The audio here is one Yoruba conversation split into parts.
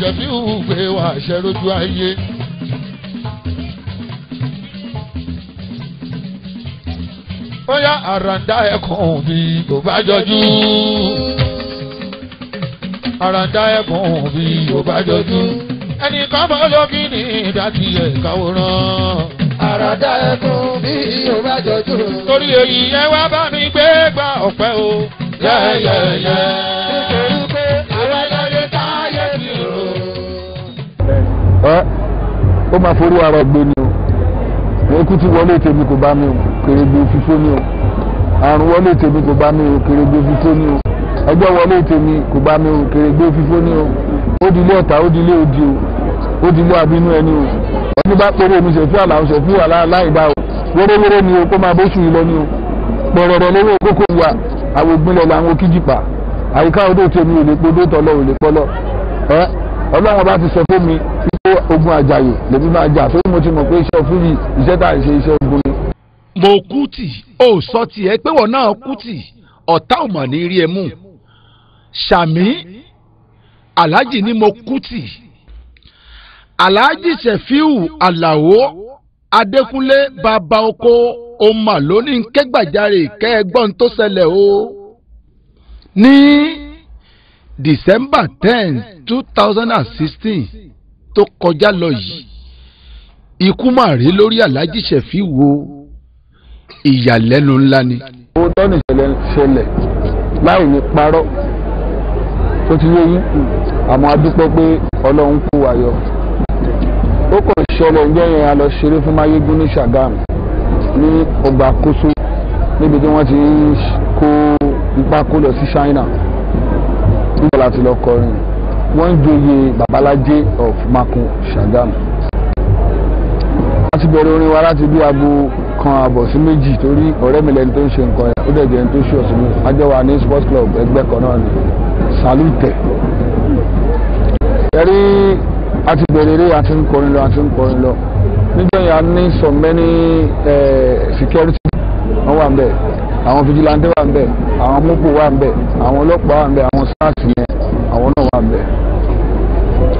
ṣẹ̀mí ìwúgbé wà ṣẹ́rójú ayé. bóyá àràǹdà ẹkùn mi kò bá jọjú. àràǹdà ẹkùn mi kò bá jọjú. ẹnìkan bọ́ lókì ní ìdátì ẹ̀ káwòrán. àràǹdà ẹkùn mi kò bá jọjú. torí èyí ẹ wá bá mi gbé gba ọ̀pẹ o. yẹ́yẹ́yẹ́. ó máa ara ni o ikú ti wọlé tèmi kò bá o fífó ni o àrùn wọlé tèmi kò bá o kèrègbè fífó ni o ọjọ́ wọlé tèmi kò bá mi o fífó ni o ó ọ̀tá o ó di o ẹni bá pèrè mi ṣẹ̀fí àlà ṣẹ̀fí àlà o wéréwéré ni o kó máa yìí ni o pọ̀rọ̀rọ̀ lówó kókó wa àwọn ògbìnlẹ̀ làwọn àyíká odò tèmi ò lè tọ́lọ́ ò lè pọ́lọ́ ẹ ọlọ́run bá ti sọ fún ogun àjàyè lèmi máa jà torí mo ti mọ̀ pé iṣẹ́ fújì iṣẹ́ tá à iṣẹ́ ogun ni. mo kú tì ó sọ tiẹ̀ pé wọ́n náà kú tì ọ̀tá ò ní rí ẹ mú sàmí aláàjì ni mo kú tì aláàjì sẹ̀fíù àlàó adékúnlé bàbá oko ọmọ lónìí ń ké gbàjarè kẹ́ tó ṣẹlẹ̀ o ní december ten two thousand and sixteen tó kọjá lọ yìí ikú mà rí lórí aláàjì ṣẹ̀fíwò ìyàlẹ́nu ńlá ni. òótọ́ nìṣẹ̀lẹ̀ ṣẹlẹ̀ láì ní parọ́ tó ti yé yín àmọ́ a dúpẹ́ pé ọlọ́run kú wa yọ. ó kàn ṣẹlẹ̀ ǹjẹ́ yẹn a lọ ṣeré fún máyégún ní Ṣàgámù ní ọgbà kóso níbi tí wọ́n ti ń kó ipá kó lọ sí China nígbà láti lọ kọrin wọ́n ń joyè babalájé of Makun Ṣàgámù. a ti bẹ̀rẹ̀ orin wa láti bí aago kan àbọ̀ sí méjì torí ọ̀rẹ́ mi lẹni tó ń ṣe nǹkan ẹ̀ ó dẹ̀ jẹ́ tó ṣe ọ̀sìn mi ajẹ́wà ní sports club ẹgbẹ́ kan náà ni salute. ẹ̀rí a ti bẹ̀rẹ̀ eré àti ń kọrin lọ àti ń kọrin lọ níjọ́ yẹn a ní so many eh, security wọ́n wà ń bẹ̀ àwọn fijilantẹ wà ń bẹ àwọn mopo wà ń bẹ àwọn ọlọ́pàá wà ń bẹ àwọn sars yẹn àwọn náà wà ń bẹ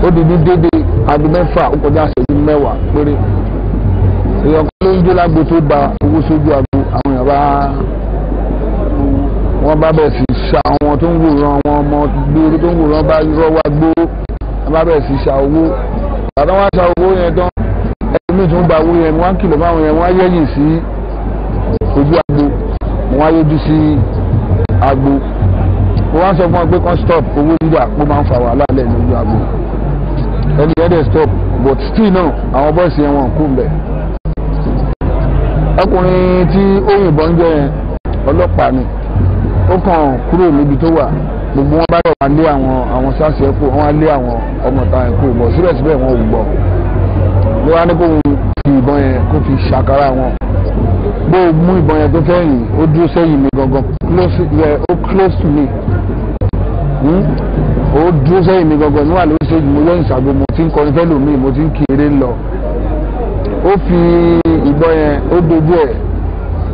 ó di ní dédé aago mẹ́fà ó kọjá àṣẹjú mẹ́wàá péré èèyàn kan ló ń jó lágbo tó ba owó sójú àgbo àwọn èèyàn bá wọn bá bẹ̀ sí sa àwọn tó ń wòran àwọn ọmọ gbòòrò tó ń wòran bá rọwà gbó wọn bá bẹ̀ sí sa owó bàbá wọn sa owó yẹn tán ẹni tó ń ba owó yẹn wọn kìlọ̀ fáwọn yẹn wọn yẹ̀yìn sí ojú àgbo mo wá yójú sí agbo mo wá sọ fún wọn pé kàn stop owó dídà mo máa ń fa wàhálà lẹ̀ lójú agbo ẹni yẹn dẹ̀ stop but still náà àwọn bọ́ọ̀sì yẹn wọn kú mbẹ̀ ọkùnrin tí ó yìnbọn jẹ́ yẹn ọlọ́pàá ni ó kàn kúrò níbi tó wà gbogbo wọn bá yọ̀ wá lé àwọn àwọn sáàsì ẹ̀kọ́ wọn lé àwọn ọmọ ta ẹ̀kọ́ bọ̀ síbẹ̀síbẹ̀ wọn ò gbọ́ ló wá ní kó fi ìbọn yẹn kó fi ṣàkárà wọn bó o mú ìbọn yẹn tó kẹ́yìn ó dúró sẹ́yìn mi gangan ó close to me hmm? ó dúró sẹ́yìn mi gangan níwà ló ṣe mo lọ́yìn ṣàgbo mo ti ń kọrin fẹ́ lómi mo ti ń kéré lọ ó fi ìbọn yẹn ó dojú ẹ̀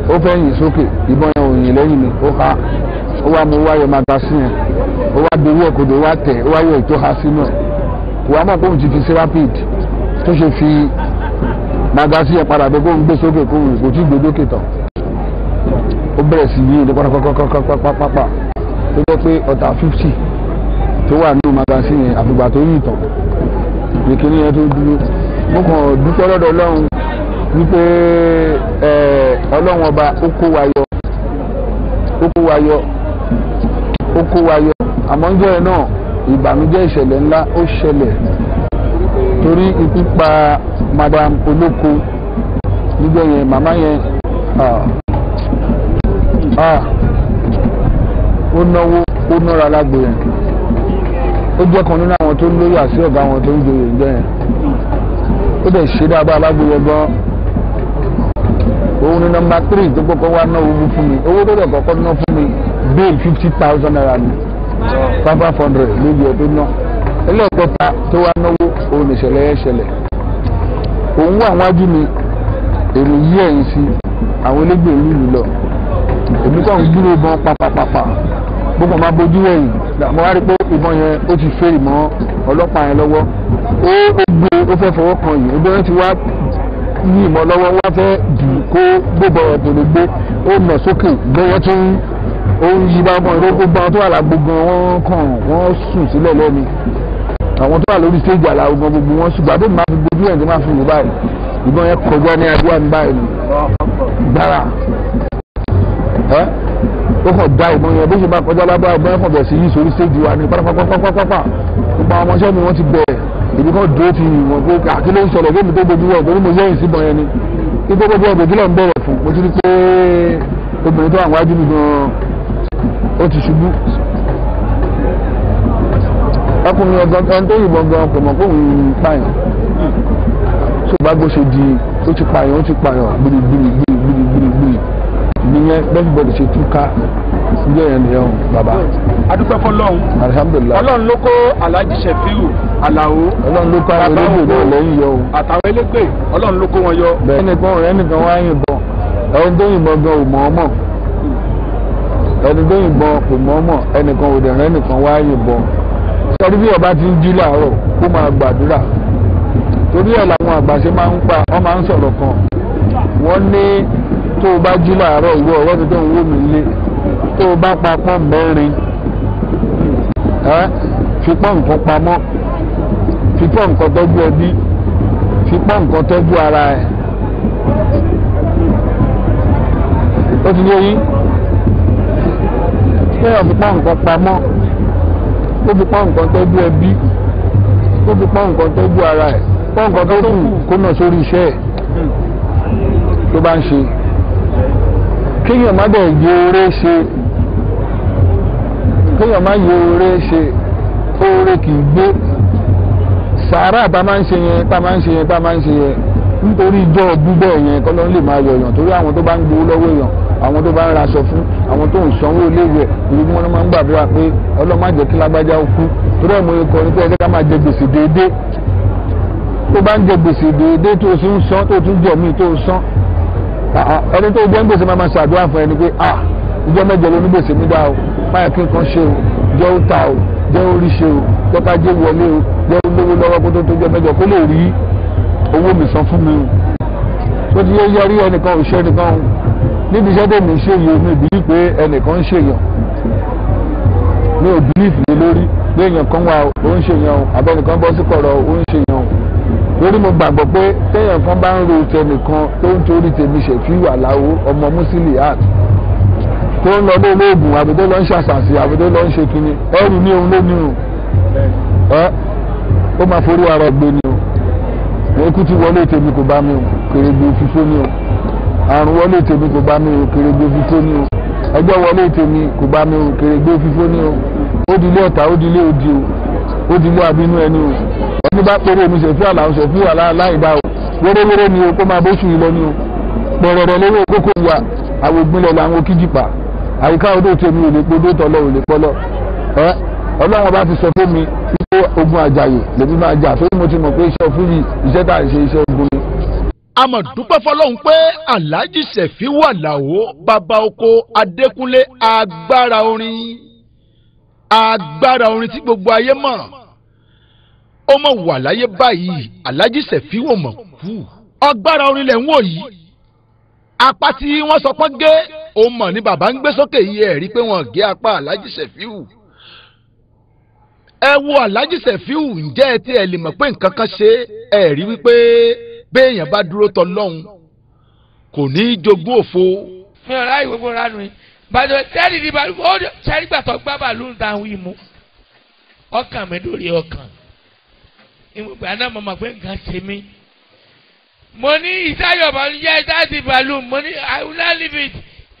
ó fẹ́ yìn sókè ìbọn yẹn ò yìn lẹ́yìn mi ó ha ó wá mo wáyọ magasin yẹn ó wá dowó ọ̀kadà ó wá tẹ̀ ó wá yọ ètò ha sínú ẹ̀ wàá mọ̀ pé òun ti fi serapid tó ṣe fi gbàgbà sí ẹ padà pé kó ń gbé sókè kó ń kò tí ì gbé dókè tán ó bẹ̀rẹ̀ sí yí ní pápápápápápá tó jẹ́ pé ọ̀tà fifty tó wà nínú magasin yẹn àfìgbà tó yí ìtàn nìkíní yẹn tó dúró mo kàn dúpẹ́ lọ́dọ̀ ọlọ́run wípé ọlọ́run ọba ó kó wa yọ ó kó wa yọ ó kó wa yọ àmọ́ ń jẹ́ náà ìbànújẹ́ ìṣẹ̀lẹ̀ ńlá ó ṣẹlẹ̀ torí ikú pa madam olóko níjọ́ yẹn màmá yẹn ó náwó ó nára lágbo yẹn ó jẹ́ kan nínú àwọn tó ń lóyè àti ọ̀gá àwọn tó ń joyè ìjọ yẹn ó dẹ̀ ṣe dáadáa lágbo yẹn gan òun ni nọ́mbà three tó kọ́kọ́ wá náà owó fún mi owó tó dẹ̀ kọ́kọ́ ná fún mi bẹ́ẹ̀ fifty thousand naira ni five hundred lójú ẹ̀ tó ná ẹlẹ́ẹ̀kẹta tó wá náwó òun ìṣẹ̀lẹ̀ yẹn ṣẹlẹ̀ òun wà wájú mi èrò yí ẹ̀yìn sí àwọn elégbè mi lù lọ èmi kàn ń dúró ìbọn pàpàpàpà gbogbo máa bójú ẹ̀yìn mo wá rí pé ìbọn yẹn ó ti fèrè mọ́ ọlọ́pàá yẹn lọ́wọ́ ó gbé ó fẹ́ fọwọ́ kan yìí ó bẹ́ẹ̀ ti wá ní ìmọ̀ lọ́wọ́ wá fẹ́ dì í kó gbogbo ọ̀dọ̀ lè gbé ó nà sókè gbọ́wọ́ tó ń yí bá gbọ́n ìrókò gbọ́n tó wà lágbó gan wọ́n kàn wọ́n sùn sílẹ̀ lẹ́ni àwọn tó wà lórí stage àlà ogun gbogbo wọn ṣùgbọ́n àbí màá fi gbójú ẹ̀ ní máa fi wò báyìí ìbọn yẹn kọjá ní adúlá ní báyìí gbára ẹ ó kàn da ìbọn yẹn bó ṣe bá kọjá lábá ìbọn yẹn kàn bẹ̀ sí yìí sórí stage wa ní pátápátápátápátá gbogbo àwọn ọmọọṣẹ́ mi wọ́n ti bẹ̀rẹ̀ èmi kàn dúró fi wọn pé àti ló ń sọ̀rọ̀ pé mi tó gbogbo wọn pẹ̀lú mo yẹ́yìn sí ìbọn yẹn ni ipò gbogbo ọ̀gbẹ̀ gílọ̀ ń bẹ̀rẹ̀ fún mo ti rí pé obìnrin tó wà wájú mi gan-an ó ti ṣubú ọkùnrin ọgbọ́n ẹni tó yìnbọn gan kò mọ̀ pé òun ń pààyàn tó bá gbó ṣe di ó ti pààyàn ó ti pààyàn gbìrìgbìrì gbìrìgbìrì gbìrì nìyẹn bẹ́ẹ̀bọ̀dì ṣe túká ilé yẹn nìyẹn o bàbá. adúpẹ́ fọlọ́run alihamudulilayi ọlọ́run ló kó alhaji sefiu alawo ọlọ́run ló kó àwọn elégbè náà lẹ́yìn yọ o. àtàwọn elégbè ọlọ́run ló kó wọn yọ. bẹ́ẹ̀ ẹnìkan ọ̀rẹ́ wá yìnbọn ẹni tó yìnbọn gan ò mọ̀ ọmọ ẹni tó yìnbọn kò mọ̀ ọmọ ẹnìkan ò dẹ̀rẹ́ nìkan wá yìnbọn sọ bí ọba ti ń jí làárọ̀ kó máa gbàdúrà torí ẹ̀ làwọn àgbàṣe máa ń pa wọ́n máa ń sọ̀rọ̀ kan wọ́n ní tó o bá jí làárọ̀ ìwọ ọ̀rọ̀ ti tó ń wó mi lé tó o bá pa pọ́n mẹ́rin ẹ́ fi pọ́n nǹkan pamọ́ fi pọ́n nǹkan tọ́jú ẹbí fi pọ́n nǹkan tọ́jú ara ẹ̀ ó ti yé yín pé ọ̀fi pọ́n nǹkan pamọ́ kó fi pọ́n nǹkan tó bú ẹbí kó fi pọ́n nǹkan tó bú ara ẹ̀ pọ́n nǹkan tó kù kó nà sórí iṣẹ́ ẹ̀ tó bá ń ṣe kéèyàn má dẹ̀ yẹ oore ṣe kéèyàn má yẹ oore ṣe oore kì í gbé sàárà bá máa ń ṣe yẹn bá máa ń ṣe yẹn bá máa ń ṣe yẹn nítorí ijó ọdún bẹ́ẹ̀ yẹn kọ́ ló ń lè máa yọ̀yàn torí àwọn tó bá ń gbowó lọ́wọ́ èèyàn àwọn tó bá ń raṣọ fún àwọn tó ń sanwó iléèwé ojoojúmọ́ ló máa ń gbàdúrà pé ọlọ́run má jẹ́ kí lágbájá ó kú torí ọmọ yẹn kọrin pé ẹgbẹ́ ká máa jẹ gbèsè déédéé tó bá ń jẹ gbèsè déédéé tó sì ń san tó tún jẹ míì tó san ẹni tó jẹ́ ń gbèsè máa máa ṣàdúrà fún ẹni pé ah ìjọ mẹ́jọ ló ní gbèsè mi dá o báyà kí nǹkan ṣe o jẹ́ ó ta o jẹ́ ó rí ṣe o jẹ́ ká jẹ́ wọlé o jẹ́ ó lówó lọ́wọ́ kó tó tó jẹ́ mẹ́jọ kó lè rí owó mi san fún mi o tó ti yẹ yọrí ẹnìkan òṣèré nìkan o níbi iṣẹ́ tèmi ṣe yìí mi bìlí pé ẹnìkan ń ṣèyàn mi ò bìlí fìlè lórí pé èèyàn kan wà ó ń ṣèyàn o àbẹnìkan bọ́ sí kọ̀rọ̀ ó ń ṣèyàn o lórí mo gbàgbọ́ pé téèyàn kan bá ń ro tẹnìkan tó ń torí tèmi ṣèfí wà láwo ọmọ mùsílì art tó ń lọ ní olóògùn àbúdó lọ ń ṣàṣàṣì àbúdó lọ ń ṣe kinní ẹrù ní òun ló ní o ẹ ó máa forú ara gbé ni o èkútú wọlé tèmi kò bá mi o kèrègbè fífó ni o àrùn wọlé tèmi kò bá mi ò kéré gbé fífó ní o ẹgbẹ́ wọlé tèmi kò bá mi ò kéré gbé fífó ní o ó di ilé ọ̀tá ó òdi o ó di ilé àbínú ẹni o ẹni bá pèrè omi ṣẹ̀fí àlà ń ṣẹ̀fí àlà láìbá o wórówóró ni o kó máa bóṣù yìí lọ ni o pọ̀rọ̀rọ̀ lówó kókó wa àwọn ògbìnlẹ̀ làwọn kíjìpà àyíká odò tèmi ò lè podó tọ́lọ́ ò lè pọ́lọ́ ẹ ọlọ́run bá ti sọ fún mi wípé ogun àjàyè lèmi amọ̀dúpẹ́ fọlọ́hún pé alhaji sefiu alao bàbá oko adékúnlé agbára orin agbára orin tí gbogbo ayé mọ̀ ó mọ̀ wà láyé báyìí alhaji sefiu ò mọ̀ kú agbára orin lẹ̀ ń wò yìí apá tí wọ́n sọ pé gé ó mọ̀ ni bàbá ń gbé sókè yìí ẹ̀ rí pé wọ́n gé apá alhaji sefiu ẹ wo alhaji sefiu ǹjẹ́ ẹ ti ẹ̀ lè mọ̀ pé nǹkan kan ṣe ẹ̀ rí wípé béèyàn bá dúró tọ lọ́hùn kò ní í jogún òfo. mi ò ráyè gbogbo ránu yìí bàtò sẹ́ni ní bàlú ó sẹ́rígbàtọ̀ gbá bàlú ń da àwọn ìmú ọkàn mi lórí ọkàn ìgbà náà mo mọ̀ pé nǹkan ṣe mí mo ní ìsáyọ̀ bàlú yẹ ìsáàtì bàlú mo ní I will not leave it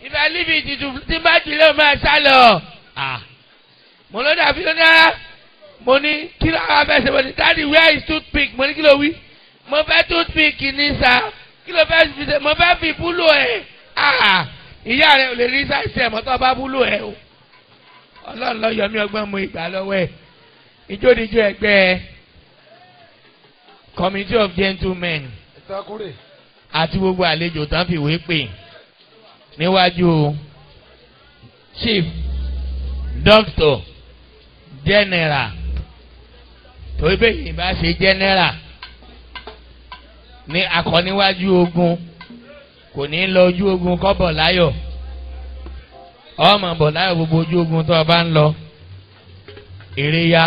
if I leave it it will ti má ti My o máa sá lọ mo ló dàbí lónìí ara mo ní kí ló wá fẹsẹ̀ mo dáàdi where is toothpick mo ní kí ló wí mo fẹ́ fi ní sa kí ló fẹ́ fi ṣe mo fẹ́ fi búlò ẹ̀ ah, ìyá rẹ ò lè rí sáìsì ẹ̀ mọ́tò bá búlò ẹ̀ o ọlọ́run lọ yọmí ọgbọ́n mu ìgbà lọ́wọ́ ẹ̀ ìjódìjọ ẹgbẹ́ committee of gentlemen àti gbogbo àlejò tán fìwé pè níwájú chief doctor general torí bẹ́ẹ̀ yìí bá ṣe general ní akọniwájú ogun kò ní lọ ojú ogun kọ́ bọ̀ láyọ̀ ọmọ bọ̀ láyọ̀ gbogbo ojú ogun tó o bá ń lọ èrè ya.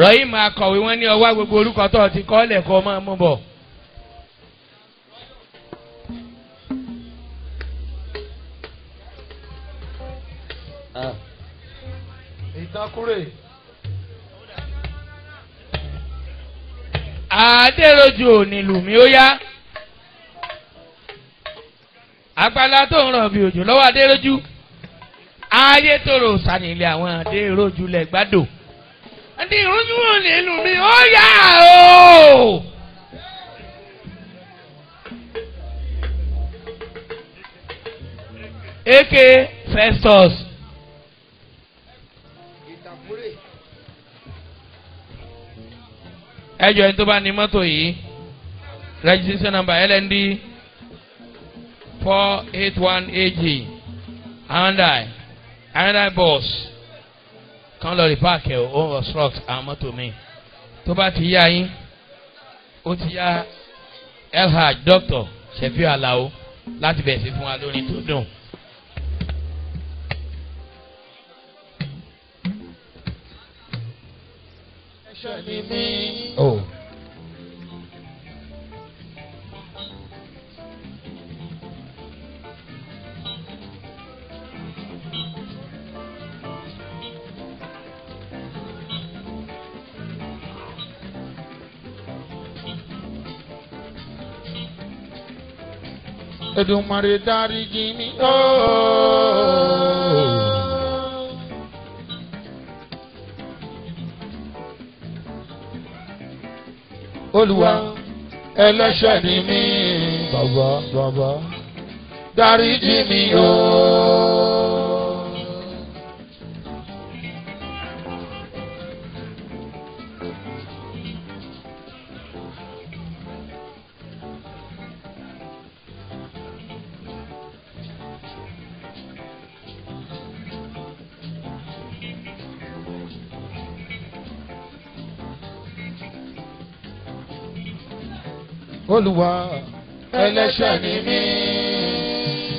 rọ́yìn máa kọ̀wé ní ọwá gbogbo orúkọ tó ti kọ́ lẹ́kọ́ máa mú bọ̀. Ah. ìtakùrẹ́. àádéròjò òní lùmí ó yá àgbàlá tó ń rọ̀ bí òjò lọ́wọ́ àdéròjú ayé tòrò sànìlẹ̀ àwọn àdéròjú lẹ̀ gbádùn àdéròjú òní lùmí ó yá o. Eke Festus. ẹjọ ẹni tó bá ní mọ́tò yìí registration number LND four eight one AG Hyundai Hyundai bus kan lọ rí páàkì ó obstruct àwọn mọ́tò mi tó bá ti yá yín ó ti yá elhaj doctor Ṣẹ̀fí Àlàó láti bẹ̀ẹ̀ sí fún wa lórí tó dùn. Oh. Edumare de mim. Oh. oh. olúwa ẹlẹ́ṣẹ̀ ni mí bàbá bàbá dáríjì mi o. olúwa ẹlẹ́ṣẹ̀ ni mí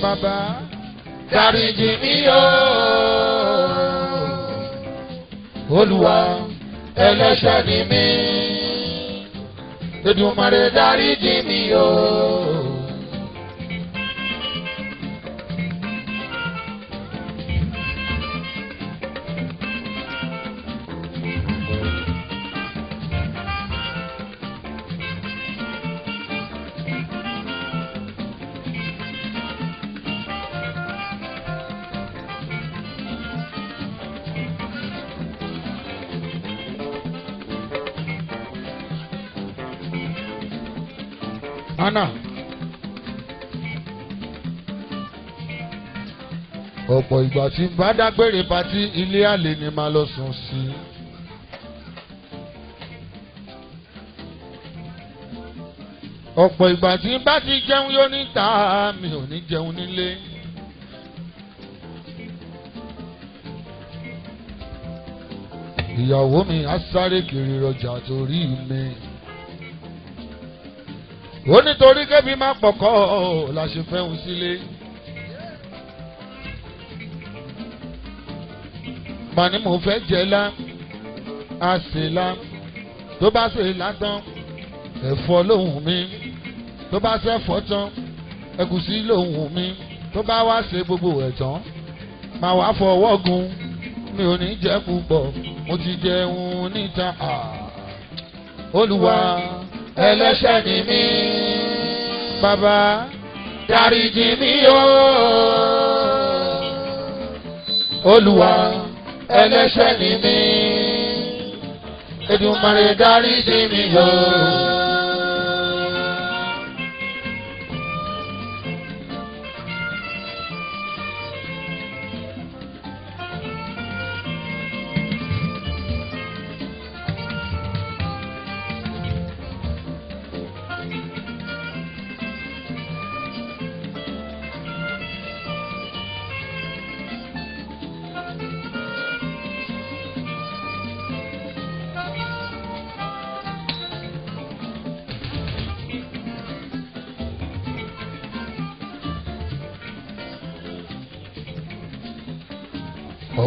bàbá dáríjì mí o olúwa ẹlẹ́ṣẹ̀ ni mí Èdùmàrè dáríjì mí o. Ghana. ọ̀pọ̀ ìgbà tí n bá dágbére patí ilé àlè ni màá lọ sùn sí. ọ̀pọ̀ ìgbà tí n bá ti jẹun yóò níta mi ò ní jẹun nílé. ìyàwó mi á sáré kiri rọjà torí mi ó nítorí kébí má pọ̀kọ́ ò la ṣe fẹ́ hun sílé. màní mo fẹ́ jẹ lá a ṣe lá tó bá ṣe látàn ẹ̀fọ́ lòun mi tó bá ṣe ẹ̀fọ́ tán ẹ̀gúsí lòun mi tó bá wá ṣe gbogbo ẹ̀ tán wá fọwọ́ gun mi ò ní jẹ púpọ̀ mo ti jẹun níta ah, olúwa. Ah ẹlẹ́ṣẹ̀ ni mí. Bàbá dáríjì mí o. Olúwa ẹlẹ́ṣẹ̀ ni mí. edumare dáríjì mi o.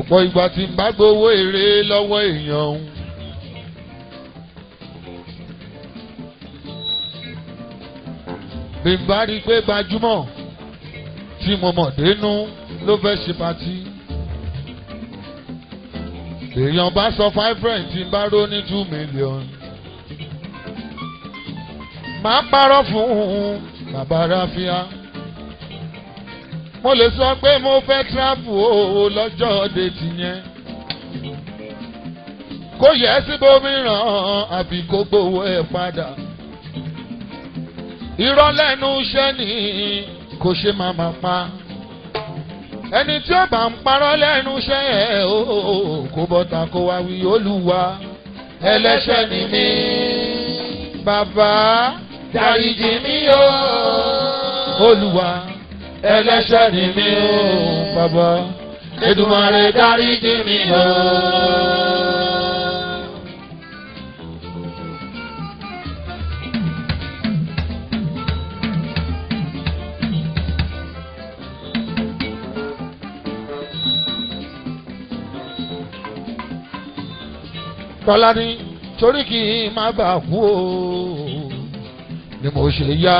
ọ̀pọ̀ ìgbà tí n bá gbowó èrè lọ́wọ́ èèyàn òun. bí n bá rí i pé gbajúmọ̀ tí mo mọ̀ dénú ló fẹ́ ṣe pàtí. èèyàn bá sọ five friend tí n bá ró ní two million. màá parọ́ fún un bàbá ráfíà mo lè sọ pé mo fẹ́ tíráàpù o lọ́jọ́ òde tìyẹn kó yẹ síbòmíràn àbí kó gbowó ẹ̀ padà irọ́ lẹ́nu iṣẹ́ ni kò ṣe máa máa pa ẹni tí ó bá ń parọ́ lẹ́nu iṣẹ́ ẹ̀ o kò bọ́ta kó wá wí olúwa ẹlẹ́ṣẹ̀ ni mí bàbá dáríjì mí o olúwa ẹlẹ́ṣẹ̀ ni mí o bàbá Èdùmàrè dáríjì mi o. Tọ́lá ní torí kì í má bàa kú o ni mo ṣe ya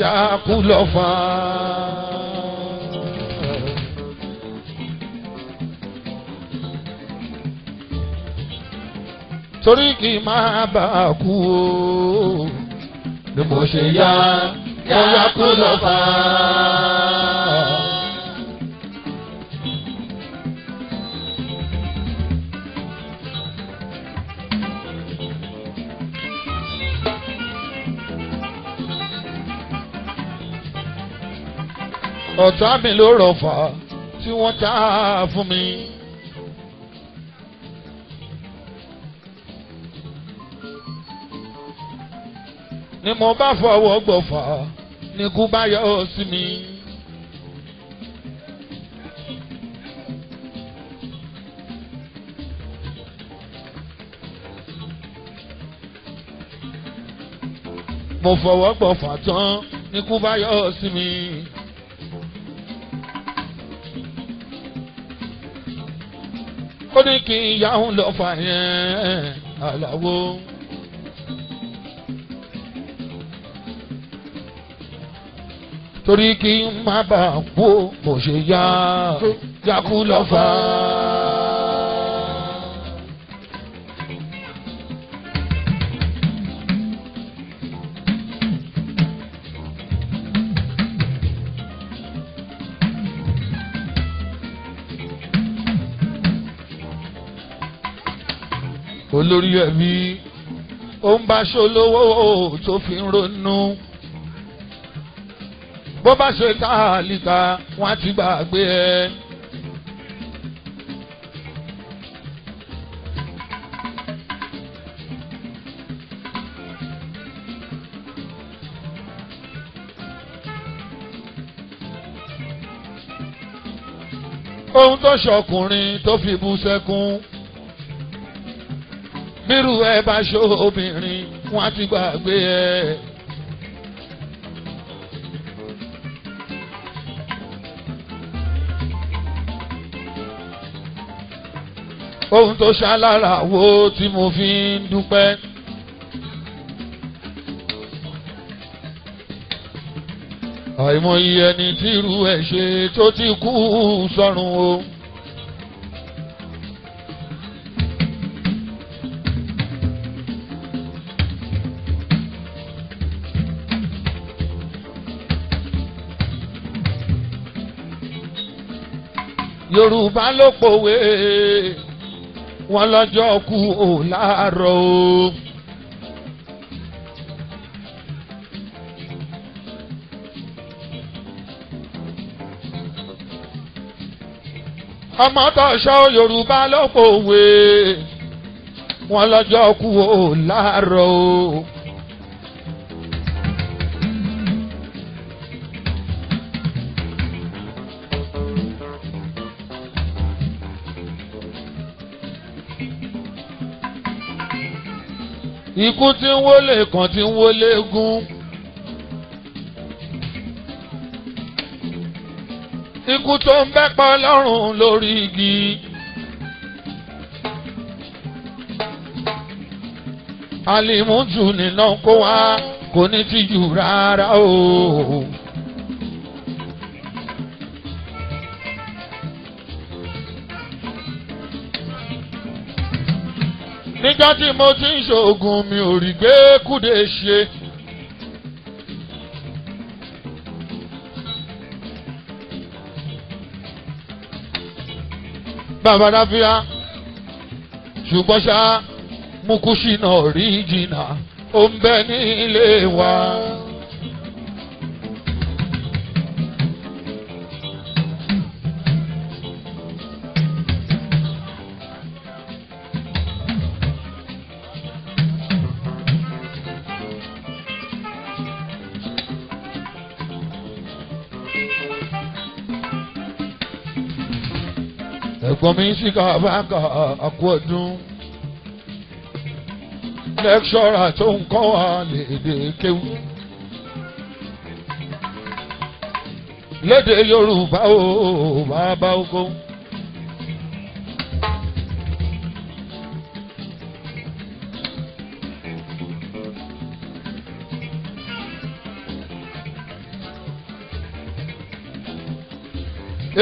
yá kú lọ́fà. torí kì í máa bá a kú o ni mo ṣe yá yá kú lọ́fà. ọ̀tá mi ló rọ̀fà tí wọ́n tá a fún mi. ni mo bá fọwọ́ gbọ̀fà ni kú bá yọ ọ sí mi. mo fọwọ́ gbọ̀fà tán ni kú bá yọ ọ sí mi. ó ní kí ìyá òun lọ fà yẹn aláwo. torí kí n má bàa kú bó ṣe yá jákú lọ́fà. olórí ẹbí ó ń bá ṣolówó tó fi ń ronú bó bá ṣe táàlìkà wọn á ti gbàgbé ẹ. ohun tó ṣọkùnrin tó fi bú sẹ́kún bírú ẹ bá ṣó obìnrin wọn á ti gbàgbé ẹ. ohun tó ṣalára wo tí mo fi ń dúpẹ́. àìmọye ẹni tí irú ẹ̀ ṣe tó ti kú sọ́run o. Yorùbá ló pòwe wọn lọ́jọ́ kú ò láàárọ̀ o. ọmọ tọ̀ṣọ́ Yorùbá ló pòwe wọn lọ́jọ́ kú ò láàárọ̀ o. ikú tí ń wọlé kan tí ń wọlé gún. ikú tó ń bẹ́ pa lọ́rùn lórí igi. alimutu nìna kó wá kò ní tìjú rárá o. Oh. ọjọ́ tí mo ti ń ṣoògùn mi ò rí gbé kúdé ṣe. bàbá dáfíà ṣùgbọ́n ṣá mú kùsì rí jìnnà ó ń bẹ ní ilé wa. kọmíṣíkà báńkà àkú ọdún lẹ́kṣọ́rà tó ń kọ́ wa lédè kéwú. lédè yorùbá o bàbá oko.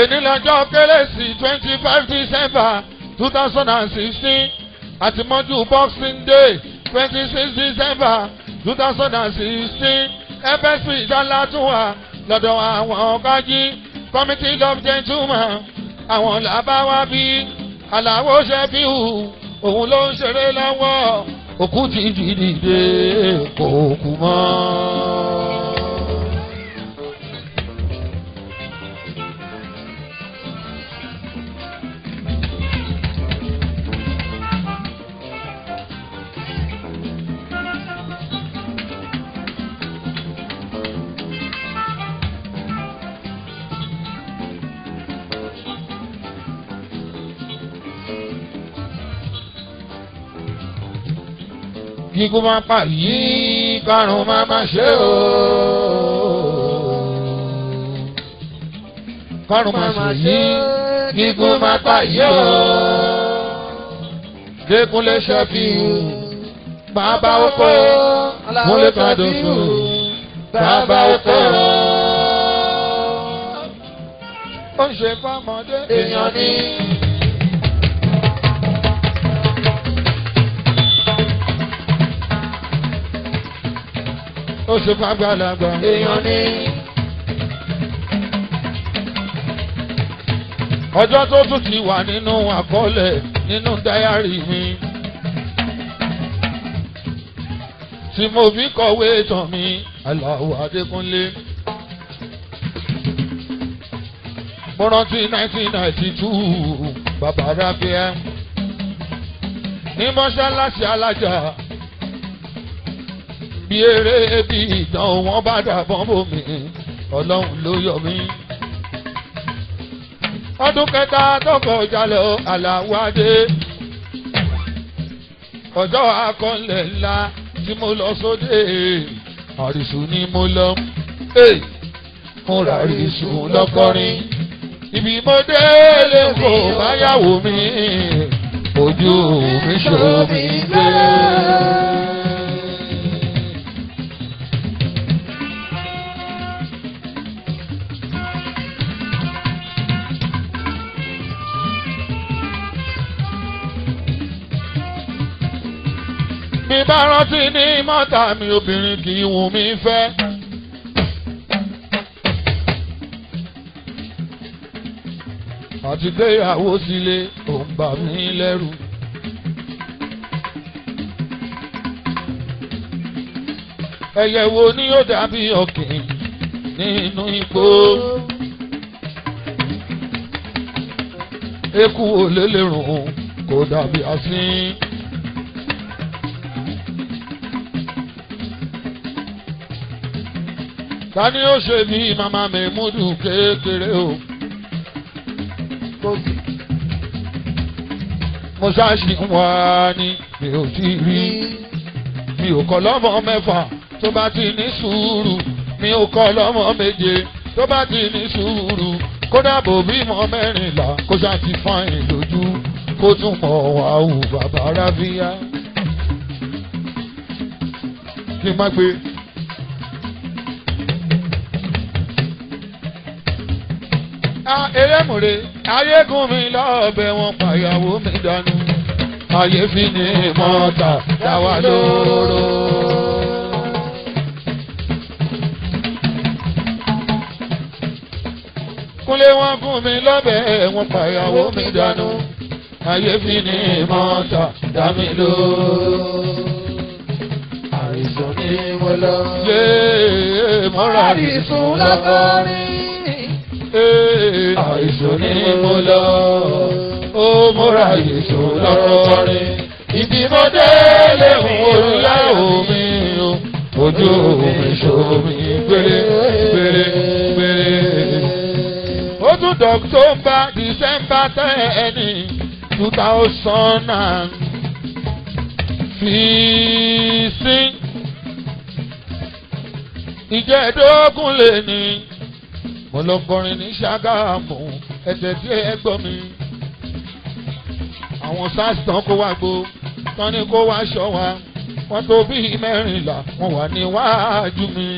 èní lọ́jọ́ kérésì twenty five december two thousand and sixteen àtìmọ́jú boxing day twenty six december two thousand and sixteen fsp ìdálátúwà lọ́dọ̀ àwọn ọ̀gájí committee of gentlemen àwọn làbáwá bí aláwo ṣe bí hù òun ló ń ṣeré lọ́wọ́ òkú ti dìde kò kú mọ́. kí kó má pa yìí kárùn má má ṣe o. kárùn má ṣe yìí kí kó pa yìí o. Dékúnlé Ṣẹ́fíù bàbá oko múlẹ̀ kàdóso bàbá oko. ó ń ṣe fọmọdé èèyàn ní. ó ṣe fún àgbàlagbà. èèyàn ni. ọjọ́ tó tún ti wà nínú àkọọ́lẹ̀ nínú dáyàrí mi. tí mo fi kọ̀wé tán mi Àlàó Adékúnlé. mo rántí 1992 bàbá rábíà ní mọ́ṣáláṣí alájà bí eré bí ìtàn wọn bá dàbọ̀ bòmí ọlọ́run ló yọ mí. ọdún kẹta tọkọ jalè aláwádé ọjọ́ akọ́lẹ̀ ńlá tí mo lọ sóde àrísù ni mo lọ mo ra àrísù lọ́kọ́rin ibi mo dé lè kó báyàwó mi ojú mi ṣòmí gbé. ti bá rántí ní mọ́tà mi obìnrin kì í wù mí fẹ́. àti gbéyàwó sílé ò ń bà mí lẹ́rù. ẹyẹ wo ni ó dàbí ọ̀kìn nínú igbó. eku ò lè rùn kò dàbí asín. ta ni ó ṣe bí màmá mi múdù kékeré o. mo ṣáàṣì wá ní mi ò tí rí mi ò kọ́ lọ́mọ mẹ́fà tó bá ti ní sùúrù mi ò kọ́ lọ́mọ méje tó bá ti ní sùúrù kódà bò bímọ mẹ́rìnlá kó ṣáà ti lójú kó tún mọ̀ wá hù bàbá rábíyá. kí má gbé. erémùrè ayégún mi lọ́ọ̀bẹ wọn pàyàwó mi dànù ayéfín ni mọ́ta dáwà lóró. kúnlé wọn gún mi lọ́bẹ̀ wọn pàyàwó mi dànù ayéfín ni mọ́tà dámi ló. àrìsùn ni mo lọ. yéé mọ́ra àrìsùn lọ́kọ́ èso ni mo lọ ó múra èso lọ́rọ́ rẹ̀ ibi mo dé léhùn olùlá omi o ojú omi ṣomi péré péré péré. ó tún dọ̀tọ́mbà December ten two thousand and fifteen ìjẹ́dógún lè ní mo lọ kọrin ní Ṣàgámù ẹsẹ̀ díẹ̀ ẹ gbọ́ mi. àwọn sars tán kó wá gbó tán ni kó wá ṣọ́ wa wọ́n tó bíi mẹ́rìnlá wọ́n wà níwájú mi.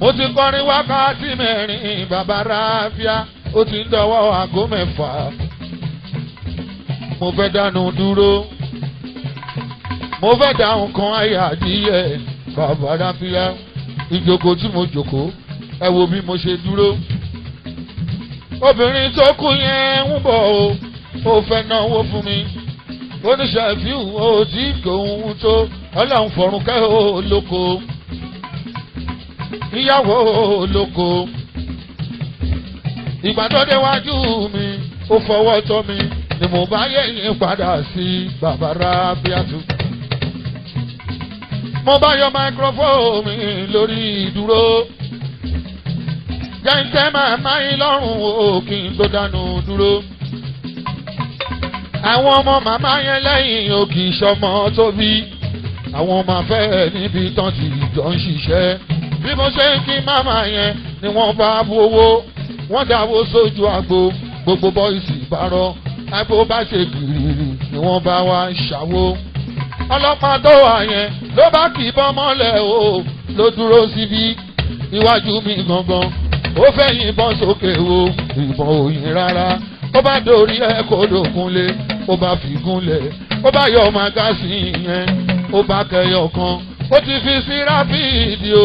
mo ti kọrin wákàtí mẹ́rin bàbá ráfíà ó ti ń dọwọ́ aago mẹ́fà mo fẹ́ dánu dúró mo fẹ́ dá nǹkan ayé àdìyẹ bàbá ráfíà ìjókòó tí mo jókòó ẹ wo bí mo ṣe dúró obìnrin tó kú yẹn ń bọ̀ o ó fẹ́ náwó fún mi oníṣàfihàn ó ti gòun tó ọlọ́run fọ̀rùn kẹ́ ó lóko ìyàwó ó lóko ìgbà mi ó fọwọ́ tọ́ mi ni mo bá yẹ̀yìn padà sí bàbá rábíàtú mo bá yọ máikrófóònù mi lórí ìdúró jẹ́ńtẹ́ máa máa ń lọ́rùn o kí n tó dánú dúró. àwọn ọmọ màmá yẹn lẹ́yìn o kì í ṣọmọ tó bí àwọn ọmọ afẹ́ níbi tán ti jọ ń ṣiṣẹ́. bí mo ṣe ń kí màmá yẹn ni wọ́n bá bu owó wọ́n dáwó sójú àgbo gbogbo bọ́ìsì ìbárọ̀ àgbo bá ṣe gìrì ni wọ́n bá wá ṣàwó. ọlọ́pàá tó wà yẹn ló bá kì í bọ́ mọ́lẹ̀ o ló dúró síbí níwájú mi gangan ó fẹ́ yìnbọn sókè wo ìbọn òyìn rárá ó bá dorí ẹ kó dògúnlé ó bá fi gúnlẹ̀ ó bá yọ magasín yẹn ó bá kẹyọ kan ó ti fi sí ráfíìdì o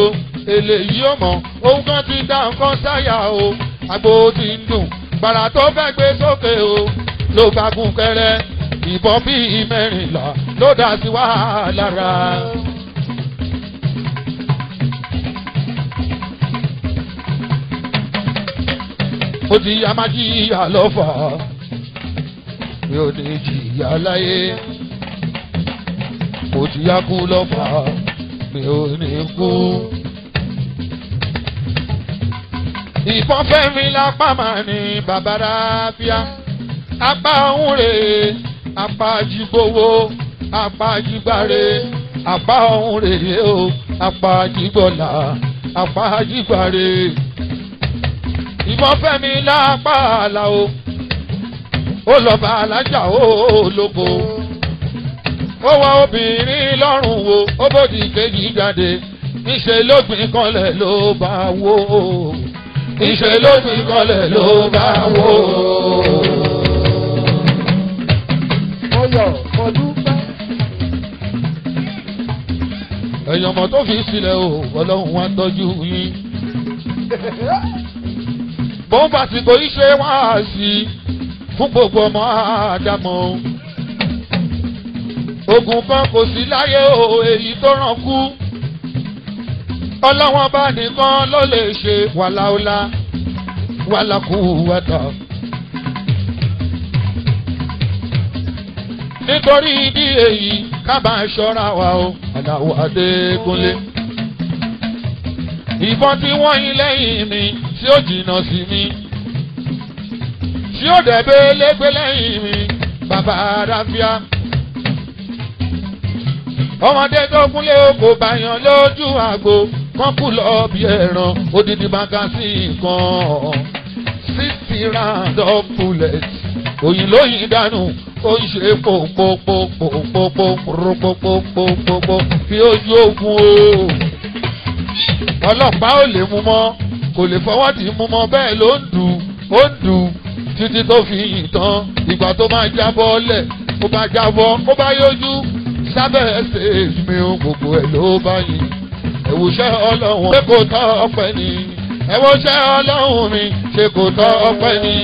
eléyìí ó mọ ohun kan ti dá nǹkan sáyà o àgbo ti ń dùn gbàrà tó fẹ́ gbé sókè o ló bá gún kẹrẹ ìbọn bíi mẹ́rìnlá ló dá sí wàhálà rà. ó ti yá má jìyà lọ́fà mi ò ní jìyà láyé mo ti yá kú lọ́fà mi ò ní kú. ìbọn fẹ́ mi lápá màá ní bàbá ráfíà apá ọ̀hún rèé apá jígbówó apá jígbáre apá ọ̀hún rèé o apá jígbọ́là apá jígbáre ìbọn fẹ́mi lápá àlà o ó lọ bá alájà ó lóko ó wá obìnrin lọ́rùn wo ó bòdì kejì jáde níṣẹ́ lópin kanlẹ̀ ló bá wó níṣẹ́ lópin kanlẹ̀ ló bá wó. mo yọ̀ ọdún. èèyàn mọ̀ tó fi sílẹ̀ o ọlọ́run wá tọ́jú yín. mo ń fàsìkò iṣẹ́ wá sí i fún gbogbo ọmọ àdàmọ́. ogun kan kò sí láyé o èyí tó ràn kú ọlọ́wọ́n bá nìkan ló lè ṣe wàláwọ́lá wàlákù wàtà. nítorí ìdí èyí ká bá ṣọ́ra wa o aláwọ̀ adékúnlé. ìbọn tí wọ́n yín lẹ́yìn mi tí ó jìnnà sí mi tí ó dẹ̀bẹ́ lẹ́gbẹ́ lẹ́yìn mi bàbá àdáfíà. ọmọdé tó kúnlé kò bàyàn lójú àgbo kán kú lọ bí ẹran odidi magasin kan sixty round of bullets òyìn lóyìn dànù ó ń ṣe pòpòpòpòpòpòpòpòpòpòpò fi ojú ogun o kò lè fọwọ́ tì í mú mọ́ bẹ́ẹ̀ ló ń dùn ó ń dùn títí tó fi yìn tán ìgbà tó máa jábọ́ lẹ̀ ó bá jábọ́ ó bá yọjú sábẹ́ ẹsẹ̀ mi ò gbogbo ẹ̀ ló bá yìn ẹ̀wùṣẹ́ ọlọ́run ṣé kò tọ́ ọpẹ́ ni ẹ̀wùṣẹ́ ọlọ́run mi ṣé kò tọ́ ọpẹ́ ni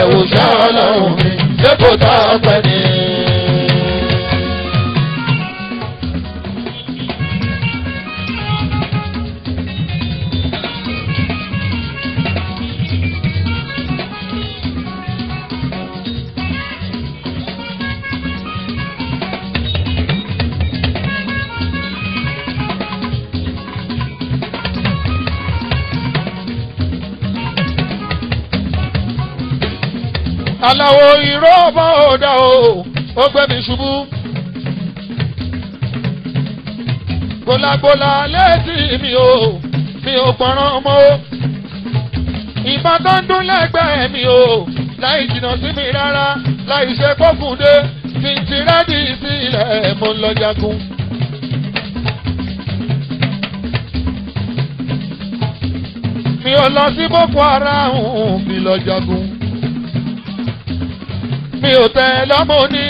ẹ̀wùṣẹ́ ọlọ́run mi ṣé kò tọ́ ọpẹ́ ni. aláwo ìró ọba òdà o ó gbé mi ṣubú. gbólàgbólà létí mi o mi ò pọ̀ràn ọmọ o. ìbọn tó ń dún lẹ́gbẹ̀ẹ́ mi o láì jìnnà sí mi rárá láì ṣe kókùndé kí n ti rẹ́dí sílẹ̀ mo lọ jagun. mi ò lọ sí boko haram mi lọ jagun mi ò tẹ́ lọ́mọ ní